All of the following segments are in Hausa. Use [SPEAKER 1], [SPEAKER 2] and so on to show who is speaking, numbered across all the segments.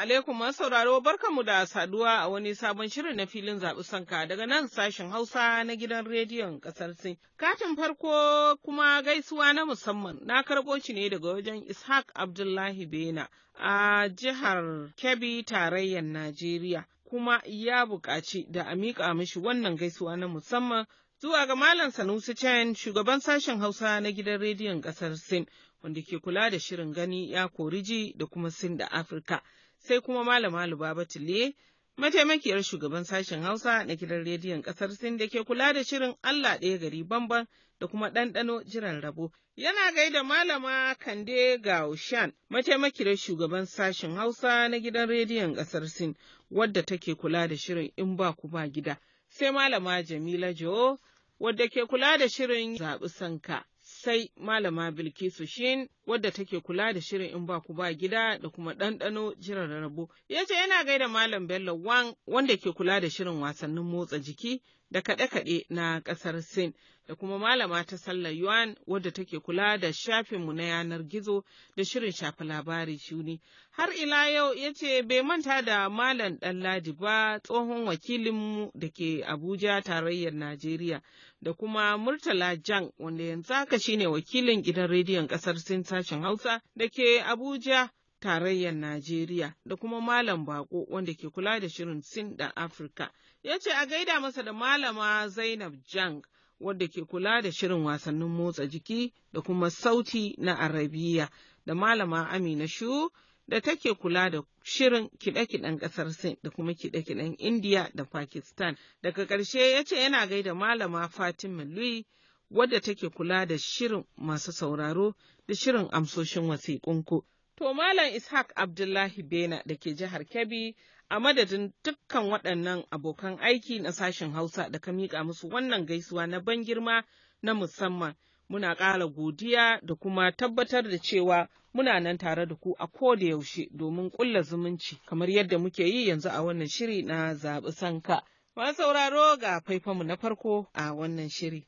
[SPEAKER 1] alaikum masu sauraro mu da saduwa a wani sabon shirin na filin zaɓi sanka daga nan sashen Hausa na gidan rediyon ƙasar Sin. Katin farko kuma gaisuwa na musamman na karɓo shi ne daga wajen Ishaq Abdullahi Bena a jihar Kebbi tarayyar Najeriya kuma ya buƙaci da a miƙa mishi wannan gaisuwa na musamman zuwa ga Malam Sanusi Chen shugaban sashen Hausa na gidan rediyon ƙasar Sin. wanda ke kula da shirin gani ya kori ji da kuma sin da Afirka. sai kuma malama luba batule mataimakiyar shugaban sashen Hausa na gidan rediyon ƙasar Sin da ke kula da shirin Allah ɗaya gari bamban da kuma ɗanɗano jiran rabo. Yana gaida malama Kande Gaushan, mataimakiyar shugaban sashen Hausa na gidan rediyon ƙasar Sin, wadda take kula da shirin in ba ba gida. Sai malama Jamila Jo, wadda ke kula da shirin zaɓi sanka. Sai malama Bilkisu Shin wadda take kula da shirin in ba ku ba gida da kuma ɗanɗano jiran rabo. Ya ce yana gaida Malam Bello Wang wanda ke kula da shirin wasannin motsa jiki da kaɗe-kaɗe na ƙasar Sin da kuma malama ta sallar Yuan wadda take kula da shafinmu na yanar gizo da shirin shafa labari shuni. Har ila yau ya ce bai manta da Malam Ɗanladi ba tsohon wakilinmu da ke Abuja tarayyar Najeriya da kuma Murtala Jang wanda yanzu haka shine wakilin gidan rediyon ƙasar Sin sashen Hausa da ke Abuja tarayyar Najeriya da kuma Malam Bako wanda ke kula da shirin Sin da Afirka. Ya ce a gaida masa da Malama Zainab Jang wadda ke kula da shirin wasannin motsa jiki da kuma sauti na Arabiya da Malama Amina Shu da take kula da shirin kiɗe-kiɗen ƙasar Sin da kuma kiɗe-kiɗen Indiya da Pakistan. Daga ƙarshe ya ce yana gaida Malama Fatima Lui wadda take kula da shirin masu sauraro da shirin amsoshin wasiƙunku. To Malam Ishaq Abdullahi Bena da ke jihar Kebbi a madadin dukkan waɗannan abokan aiki na sashen Hausa da ka miƙa musu wannan gaisuwa na ban girma na musamman. Muna ƙara godiya da kuma tabbatar da cewa muna nan tare da ku a da yaushe domin ƙulla zumunci kamar yadda muke yi yanzu a wannan shiri na zaɓi sanka. Masu sauraro ga faifanmu na farko a wannan shiri.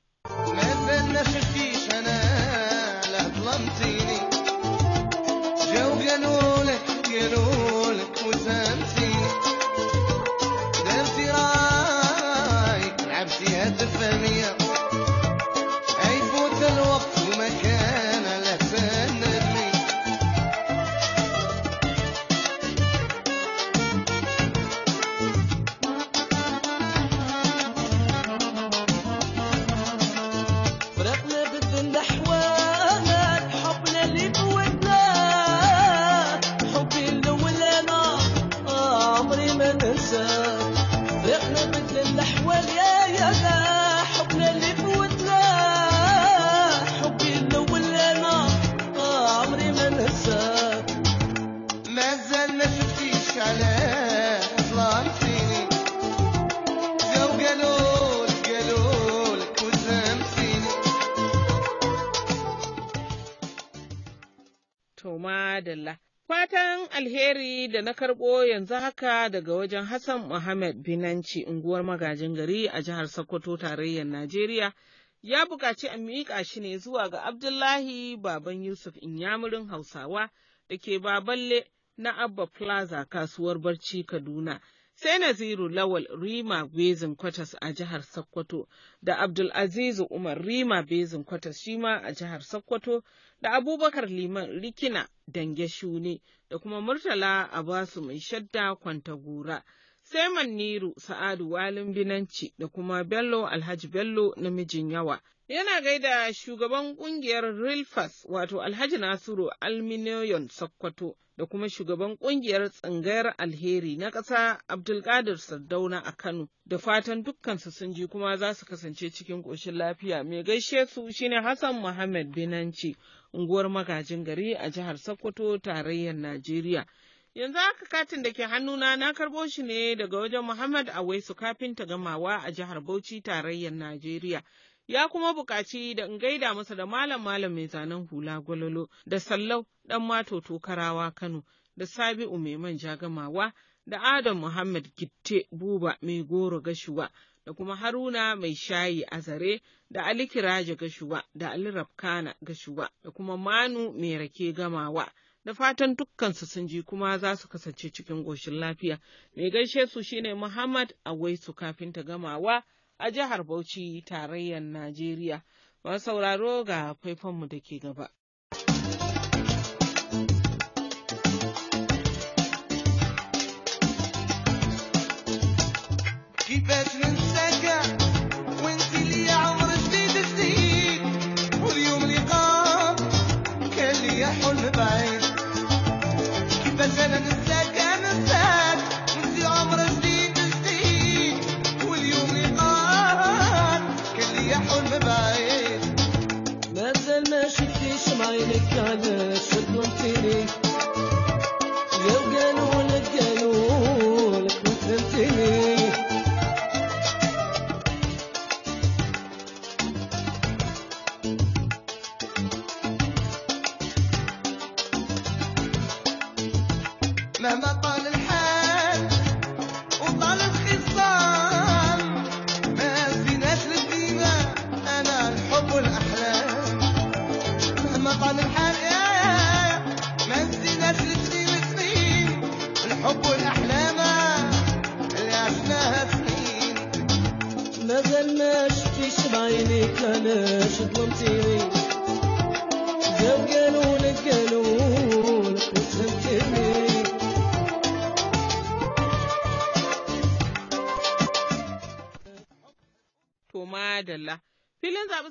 [SPEAKER 1] ما شفتيش انا لا ظلمتيني da na karɓo yanzu haka daga wajen Hassan Muhammad Binanci unguwar magajin gari a jihar Sokoto tarayyar Najeriya ya buƙaci a miƙa shi ne zuwa ga Abdullahi Baban Yusuf Inyamurin Hausawa da ke Baballe na Abba Plaza kasuwar Barci Kaduna. sai Naziru Lawal Rima Bezin Kwatas a jihar Sokoto da Abdulazizu Umar Rima Bezin Kwatas shi ma a jihar Sokoto da Abubakar Liman Rikina Dange Shune da kuma Murtala Abasu Mai Shadda kwantagura Sai Maniru Sa'adu Walin Binanci da kuma Bello Alhaji Bello namijin yawa Yana gaida shugaban ƙungiyar Rilfas wato Alhaji Nasiru Alminoyon Sokoto da kuma shugaban ƙungiyar tsangayar alheri na ƙasa Abdulkadir Sardauna a Kano da fatan dukkansu sun ji kuma za su kasance cikin ƙoshin lafiya. Mai gaishe su shine Hassan Muhammad Binanci, unguwar magajin gari a jihar Sokoto tarayyar Najeriya. Yanzu haka katin da ke hannuna na karɓo shi ne daga wajen Muhammad Awaisu kafin ta gamawa a jihar Bauchi tarayyar Najeriya. ya kuma buƙaci da in gaida masa da malam malam mai zanen hula gwalolo da sallau ɗan mato tokarawa Kano da Sabi'u mai manja gamawa da Adam Muhammad Gitte Buba mai goro gashuwa da kuma Haruna mai shayi Zare da Ali Kiraje gashuwa da Ali Rafkana gashuwa da kuma Manu mai rake gamawa. da fatan dukkansu sun ji kuma za su kasance cikin goshin lafiya. Mai gaishe su shine Muhammad Awaisu kafin ta gamawa. a jihar Bauchi tarayyar Najeriya. Masu sauraro ga faifanmu da ke gaba.
[SPEAKER 2] Keep it in second.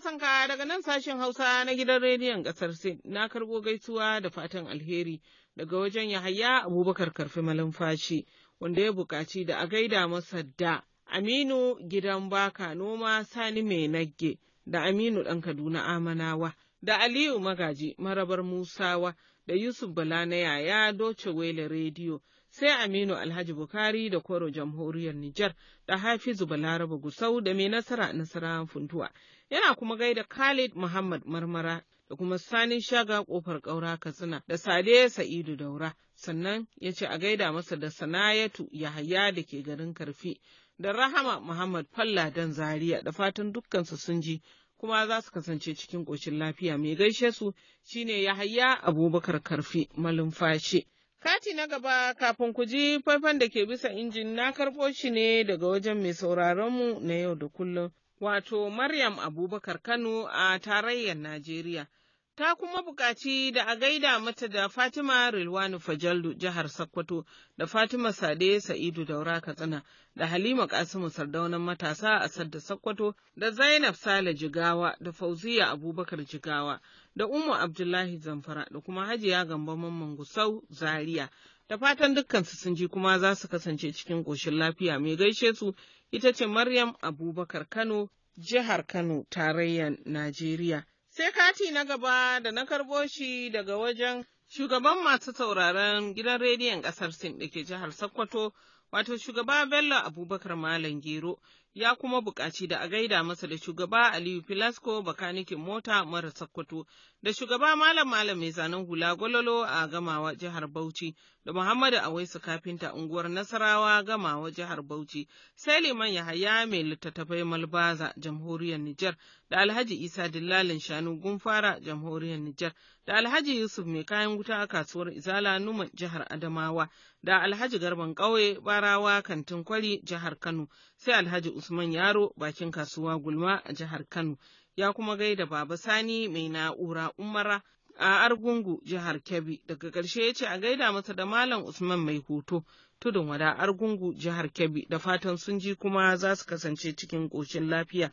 [SPEAKER 1] Rabi kaya daga nan sashen Hausa na gidan rediyon ƙasar Sin na karbo gaisuwa da fatan alheri daga wajen Yahaya Abubakar Karfi Malumfashi wanda ya buƙaci da a gaida masa da Aminu Gidan Baka Noma Sani Mai Nagge da Aminu Ɗan Kaduna Amanawa da Aliyu Magaji Marabar Musawa da Yusuf Bala na yaya Doce Wele Rediyo. sai Aminu Alhaji Bukari da koro Jamhuriyar Nijar da Hafizu Balaraba Gusau da mai nasara nasara funtuwa yana kuma gaida Khalid Muhammad Marmara da kuma Sani Shaga ƙofar ƙaura Katsina da Sade Sa'idu Daura, sannan ya ce a gaida masa da Sanayatu Yahaya da ke garin Karfi da Rahama Muhammad Falla dan Zaria da fatan dukkansu sun ji kuma za su kasance cikin ƙoshin lafiya mai gaishe su shine Yahaya Abubakar Karfi malumfashi. Kati na gaba kafin ku ji faifan da ke bisa injin na karɓo shi ne daga wajen mai sauraronmu na yau da kullum. wato Maryam Abubakar Kano a tarayyar Najeriya. Ta kuma buƙaci da a gaida mata da Fatima Rilwanu fajallu jihar Sokoto da Fatima Sade Sa'idu Daura Katsina da Halima Kasimu Sardaunan matasa a Sadda Sokoto da Zainab Sale Jigawa da Fauziya Abubakar Jigawa da Umu Abdullahi Zamfara da kuma Hajiya Gambo Mamman Gusau Zaria. Da fatan dukkan su sun ji kuma za su kasance cikin ƙoshin lafiya mai gaishe su ita ce Maryam Abubakar Kano, jihar Kano, tarayyar Najeriya. Sai kati na gaba da na karɓo shi daga wajen shugaban masu sauraron gidan rediyon ƙasar Sin da ke jihar Sokoto, wato shugaba Bello Abubakar Malam Gero, ya kuma buƙaci da a gaida masa da shugaba Aliyu Filasco bakanikin mota mara sakkwato da shugaba Malam Malam mai zanen hula gwalolo a gamawa jihar Bauchi da Muhammadu Awaisu kafinta unguwar Nasarawa gamawa jihar Bauchi sai Liman Yahaya mai littattafai Malbaza jamhuriyar Nijar da Alhaji Isa Dillalin Shanu Gunfara jamhuriyar Nijar da Alhaji Yusuf mai kayan wuta a kasuwar Izala Numan jihar Adamawa da Alhaji Garban Ƙauye Barawa Kantin Kwari jihar Kano sai Alhaji Usman Yaro bakin kasuwa Gulma a jihar Kano ya kuma gaida Baba Sani mai na'ura Umara a Argungu jihar Kebbi daga ƙarshe ya ce a gaida masa da Malam Usman mai hoto tudun wada Argungu jihar Kebbi da fatan sun ji kuma za su kasance cikin ƙoshin lafiya.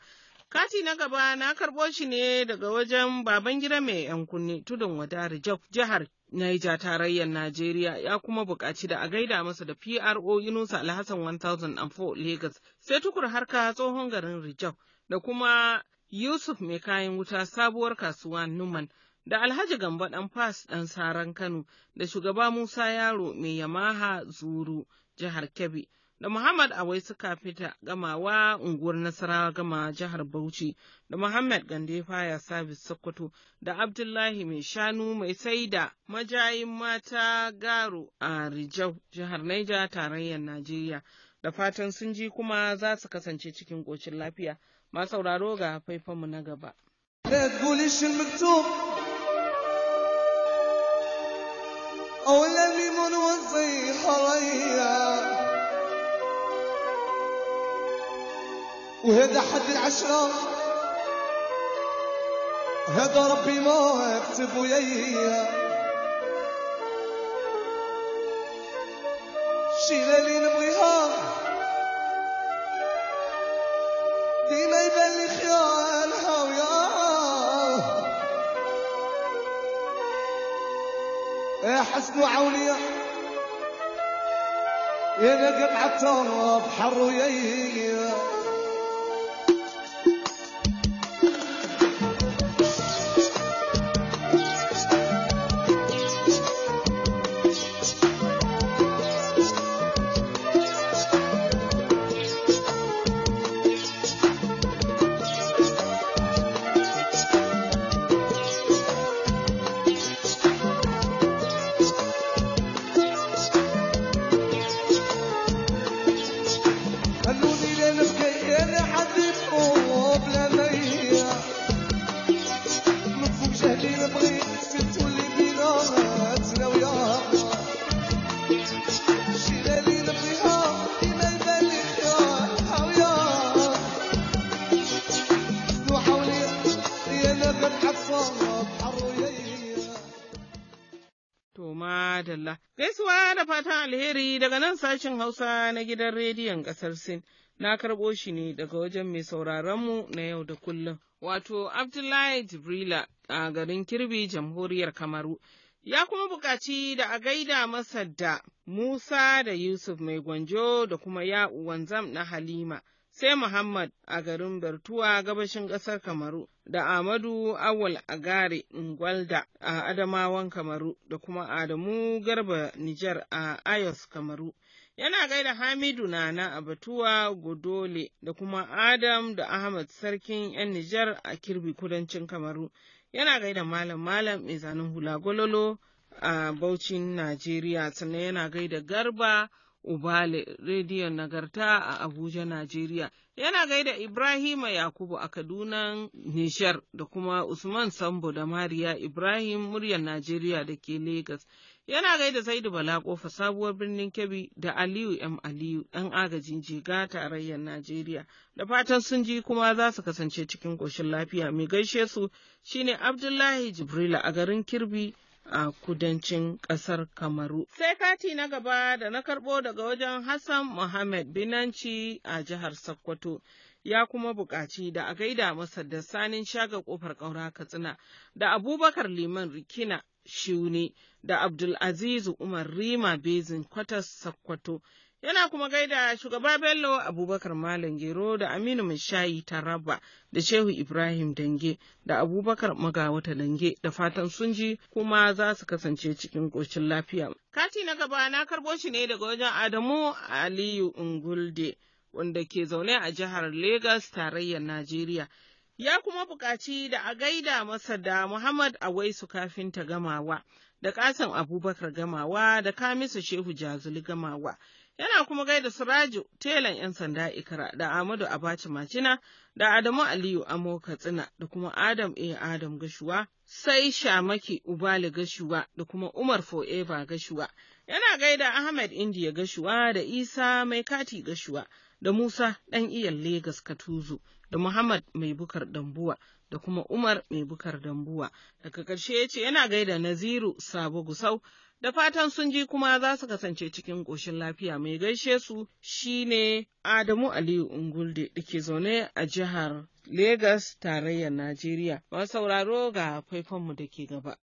[SPEAKER 1] Kati na gaba na karɓo shi ne daga wajen baban gida mai ‘yan kunne tudun wada jihar Naija tarayyar Najeriya ya kuma buƙaci da a gaida masa da PRO Yunusa Alhassan 1004 Lagos sai tukur harka tsohon garin Rijab da kuma Yusuf mai kayan wuta sabuwar kasuwa Numan. da Alhaji Gambo ɗan Fas ɗan Saran Kano da shugaba Musa Yaro mai Yamaha Zuru jihar Kebbi da Muhammad Awai suka Kafita gamawa unguwar Nasarawa gama jihar Bauchi da Muhammad Gande Faya Service Sokoto da Abdullahi Mai Shanu Mai Saida Majayin Mata Garo a Rijau jihar Naija tarayyar Najeriya da fatan sun ji kuma za su kasance cikin ƙocin lafiya. Ma sauraro ga faifanmu na gaba.
[SPEAKER 2] أو لم وصي حريا وهذا حد العشرة هذا ربي ما يكتب ليا شي نبغيها ديما يبان لي خيالها ويا يا إيه، حسن وعونية إيه، يا نقب عالتراب حر ويا
[SPEAKER 1] fatan alheri daga nan sashen Hausa na gidan rediyon ƙasar Sin. Na karɓo shi ne daga wajen mai sauraronmu na yau da kullum. Wato Abdullahi Jibrila a garin Kirbi, Jamhuriyar Kamaru. Ya kuma buƙaci da a gaida masa da Musa da Yusuf mai gwanjo da kuma ya'u wanzam na Halima. sai Muhammad a garin Bertuwa gabashin ƙasar Kamaru da Amadu Awal gare Ngwalda a Adamawan Kamaru da kuma Adamu Garba Nijar a Ayos Kamaru. Yana gaida Hamidu Nana a Batuwa Godole da kuma Adam da Ahmad Sarkin 'yan Nijar a Kirbi kudancin Kamaru. Yana gaida Malam Malam mai zanen hula a Bauchin Najeriya sannan yana gaida Garba. Ubale Rediyon Nagarta a Abuja, Najeriya. Yana gaida Ibrahima Yakubu a Kaduna, Nishar da kuma Usman Sambo da Mariya Ibrahim muryar Najeriya da ke Legas. Yana gaida Zaidu Bala kofa sabuwar birnin Kebbi da Aliyu M. Aliyu ɗan agajin jiga tarayyar Najeriya. Da fatan sun ji kuma za su kasance cikin ƙoshin lafiya mai gaishe su shine Abdullahi Jibrila a garin Kirbi. a kudancin ƙasar Kamaru. Sai kati na gaba da na karɓo daga wajen Hassan Mohammed Binanci a jihar Sokoto. ya kuma buƙaci da a gaida masa da sanin shaga ƙofar ƙaura katsina da abubakar liman rikina shiuni da abdulazizu umar rima bezin kwatas sakkwato Yana kuma gaida shugaba Bello Abubakar Malam Gero da Aminu Mashayi Taraba da Shehu Ibrahim Dange da Abubakar Magawata Dange da fatan sun ji kuma za su kasance cikin ƙoshin lafiya. Kati na gaba na karɓo shi ne daga wajen Adamu Aliyu Ungulde wanda ke zaune a jihar Legas tarayyar Najeriya. Ya kuma buƙaci da a gaida masa da Muhammad Awaisu kafin ta gamawa, da kasan Abubakar gamawa, da Kamisu Shehu Jazuli gamawa. yana kuma gaida Siraju, telan 'yan sanda Ikra da Ahmadu Abacha Macina da Adamu Aliyu Amo Katsina da kuma Adam A. Adam Gashuwa sai Shamaki Ubali Gashuwa da kuma Umar foeva Gashuwa yana gaida Ahmed India Gashuwa da Isa Mai Kati Gashuwa da Musa ɗan iyan Legas Katuzu da Muhammad Mai Bukar Dambuwa da kuma Umar Mai Bukar Dambuwa daga ƙarshe ya yana gaida Naziru Sabo Gusau da fatan sun ji kuma za su kasance cikin ƙoshin lafiya mai gaishe su shine Adamu Aliyu Ungulde da ke zaune a jihar Legas tarayyar Najeriya. Masu sauraro ga faifanmu da ke gaba.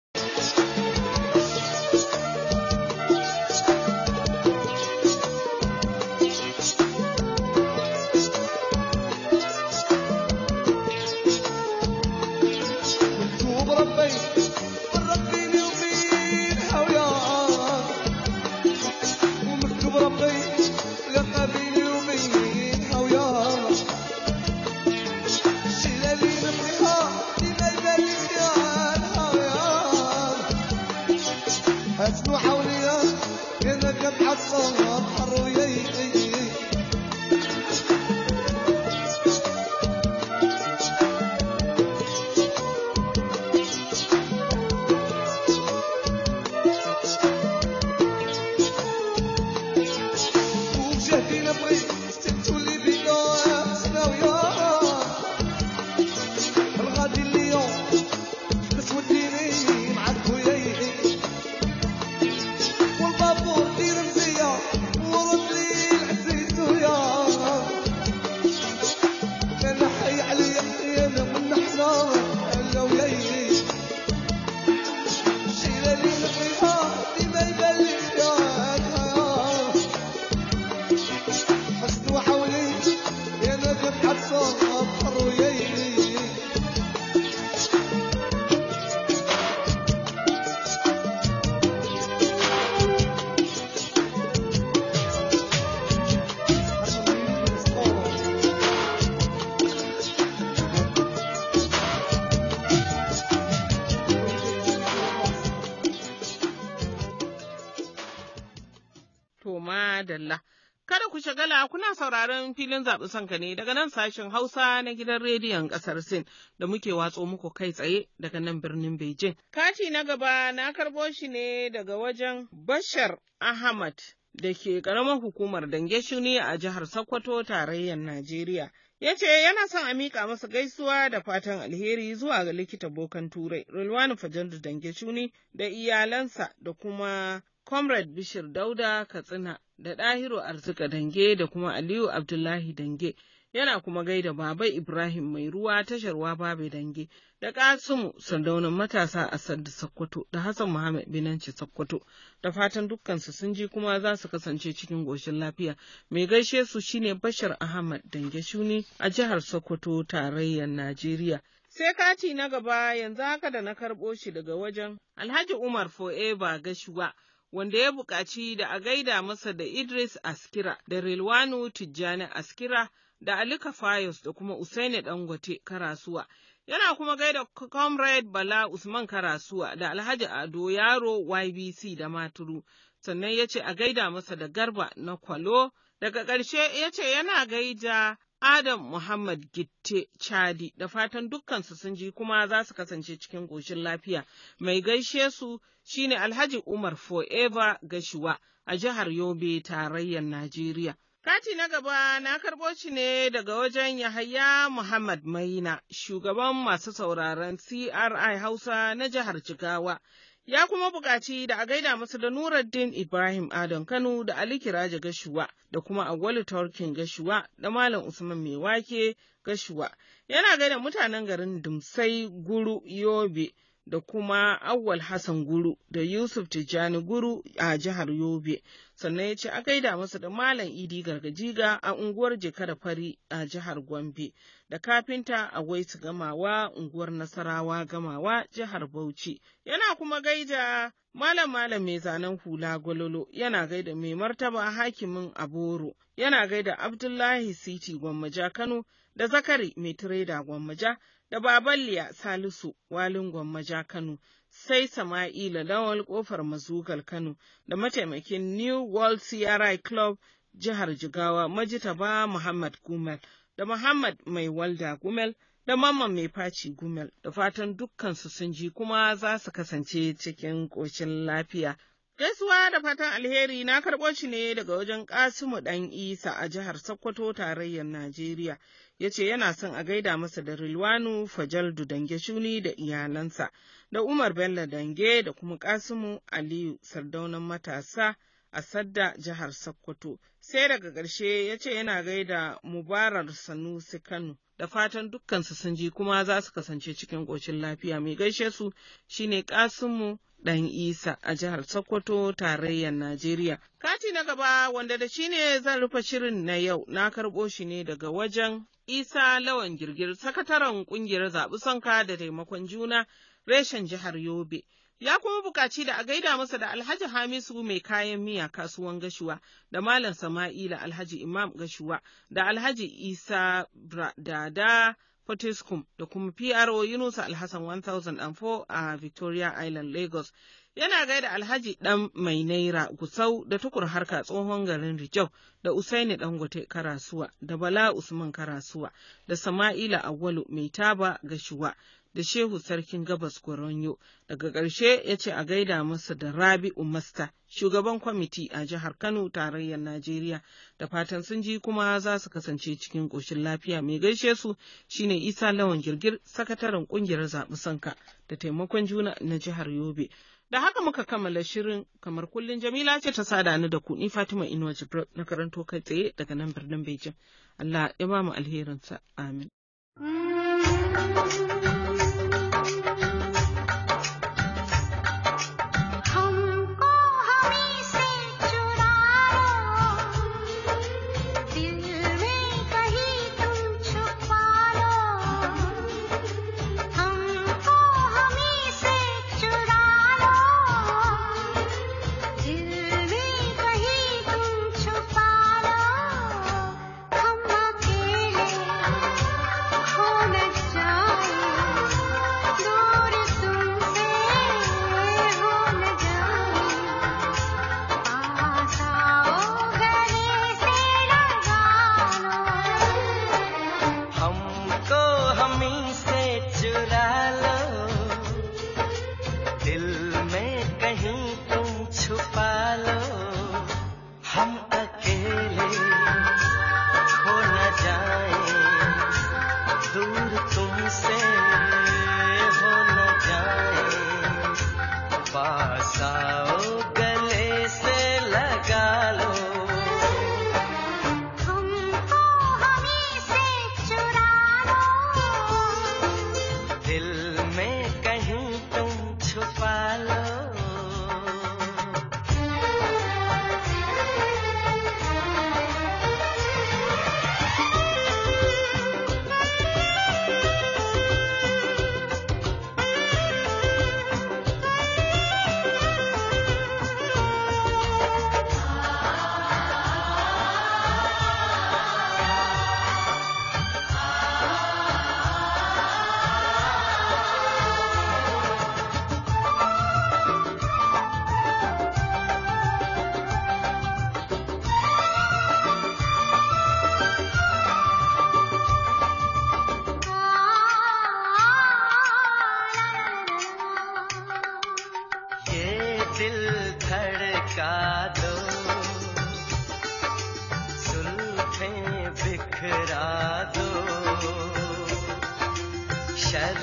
[SPEAKER 1] shagala kuna sauraron filin zaɓi sanka ne daga nan sashen Hausa na gidan rediyon ƙasar Sin da muke watso muku kai tsaye daga nan birnin Beijing. Kati na gaba na karɓo shi ne daga wajen Bashar Ahmad da ke ƙaramar hukumar Dange Shuni a jihar Sokoto tarayyar Najeriya. ya ce yana son a miƙa masa gaisuwa da fatan alheri zuwa ga likita bokan turai Rulwani Fajandu Dange Shuni da iyalansa da kuma Comrade Bishir Dauda Katsina da Ɗahiru Arzika Dange da kuma Aliyu Abdullahi Dange. Yana kuma gaida Baba Ibrahim mai ruwa tashar babe Dange da Kasimu Sandaunan matasa a Sadda Sokoto da Hassan Muhammad Binanci Sokoto da fatan dukkansu sun ji kuma za su kasance cikin goshin lafiya. Mai gaishe su shine Bashar Ahmad Dange Shuni a jihar Sokoto tarayyar Najeriya. Sai kati na gaba yanzu haka da na karɓo shi daga wajen Alhaji Umar Fo'eba Gashuwa. wanda ya buƙaci da a gaida masa da Idris Askira da Rilwanu Tijjani Askira da Alika Fayos da kuma Usaini Dangote Karasuwa. Yana kuma gaida Comrade Bala Usman Karasuwa da Alhaji Ado Yaro YBC da Maturu, sannan ya ce a gaida masa da Garba na Kwalo. Daga ƙarshe ya ce yana gaida Adam Muhammad Gitte Chadi da fatan dukkansu sun ji kuma za su kasance cikin goshin lafiya. Mai gaishe su shine Alhaji Umar Forever Gashiwa a jihar Yobe tarayyar Najeriya. Kati na gaba na karɓo shi ne daga wajen Yahaya Muhammad Maina, shugaban masu sauraron CRI Hausa na jihar Jigawa. Ya kuma buƙaci da a gaida masu da Nuruddin Ibrahim Adam Kano da Ali Kiraji Gashuwa da kuma Awwalu Turkin Gashuwa da Malam Usman Mewake Gashuwa. Yana gaida mutanen garin Dumsai Guru Yobe. da kuma Awwal Hassan Guru da Yusuf Tijjani Guru a jihar Yobe sannan ya ce a gaida masa da Malam Idi Gargajiga a unguwar Jekara Fari a jihar Gombe da kafinta a Waisu Gamawa unguwar Nasarawa Gamawa jihar Bauchi. Yana kuma gaida Malam Malam mai zanen hula gwalolo yana gaida mai martaba hakimin Aboro yana gaida Abdullahi Siti Gwammaja Kano da Zakari mai tireda Gwammaja da Baballiya Salisu Walin Gwammaja Kano sai Sama'ila Lawal ƙofar Mazugal Kano da mataimakin New World CRI Club jihar Jigawa Majitaba Muhammad Gumel da Muhammad Mai Walda Gumel da Mamman Mai Faci Gumel da fatan dukkansu sun ji kuma za su kasance cikin ƙoshin lafiya. Gaisuwa da fatan alheri na karɓo shi ne daga wajen Kasimu ɗan Isa a jihar Sokoto tarayyar Najeriya. Ya ce yana son a gaida masa da Rilwanu Fajaldu Shuni da iyalansa. da Umar Bello Dange da kuma Kasimu Aliyu sardaunan matasa a Sadda jihar Sokoto. Sai daga ƙarshe ya ce yana gaida Mubarar Sanusi Kano. Da fatan dukkansu sun ji kuma za su kasance cikin ƙoshin lafiya mai gaishe su shine Kasimu Ɗan Isa a jihar Sokoto tarayyar Najeriya. Kati na gaba wanda da shi ne zan rufe shirin na yau na karɓo shi ne daga wajen Isa Lawan Girgir sakataren ƙungiyar zaɓi sonka da taimakon juna reshen jihar Yobe. Ya kuma buƙaci da a gaida masa da Alhaji Hamisu mai kayan miya kasuwan gashuwa da Malam Sama'ila Alhaji Imam gashuwa da Alhaji Isa Dada Fortescue da kuma PRO Yunusa Alhassan 1004 a Victoria Island Lagos. Yana gaida Alhaji ɗan mai naira Gusau da tukur harka tsohon garin Rijau da Usaini Dangote Karasuwa da Bala Usman Karasuwa da Sama'ila Awalu mai taba gashuwa da Shehu Sarkin Gabas Goronyo. Daga ƙarshe ya ce a gaida masa da Rabi'u Masta, shugaban kwamiti a jihar Kano tarayyar Najeriya. Da fatan sun ji kuma za su kasance cikin ƙoshin lafiya. Mai gaishe su shine Isa Lawan Girgir, sakataren ƙungiyar zaɓi sanka da taimakon juna na jihar Yobe. Da haka muka kammala shirin kamar kullum Jamila ce ta sada ni da kuɗi Fatima Inuwa Jibril na karanto kai tsaye daga nan birnin Bejin. Allah ya ba mu alherinsa. Amin.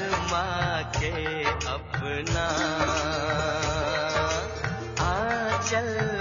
[SPEAKER 2] Sharma के अपना आ चल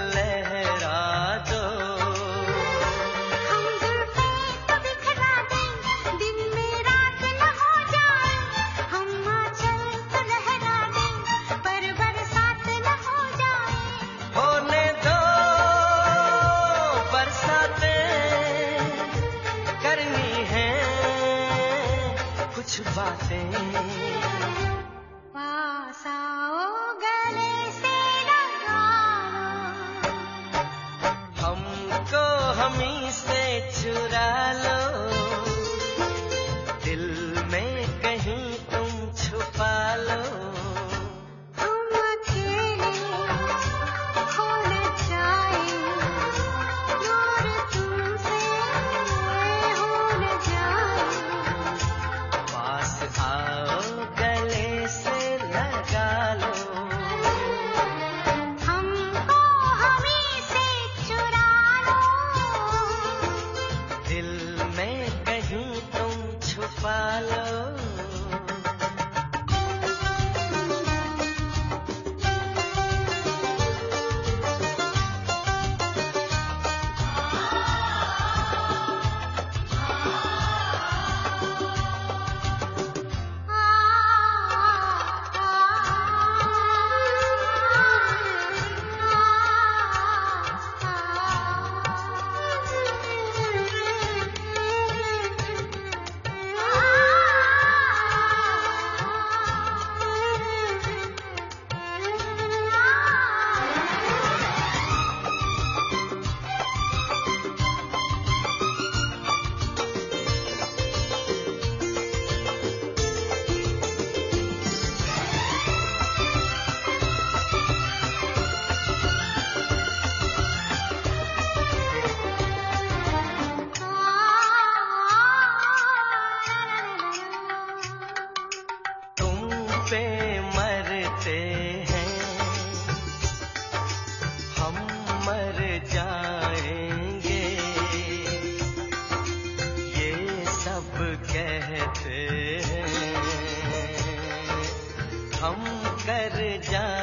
[SPEAKER 2] से हम कर जा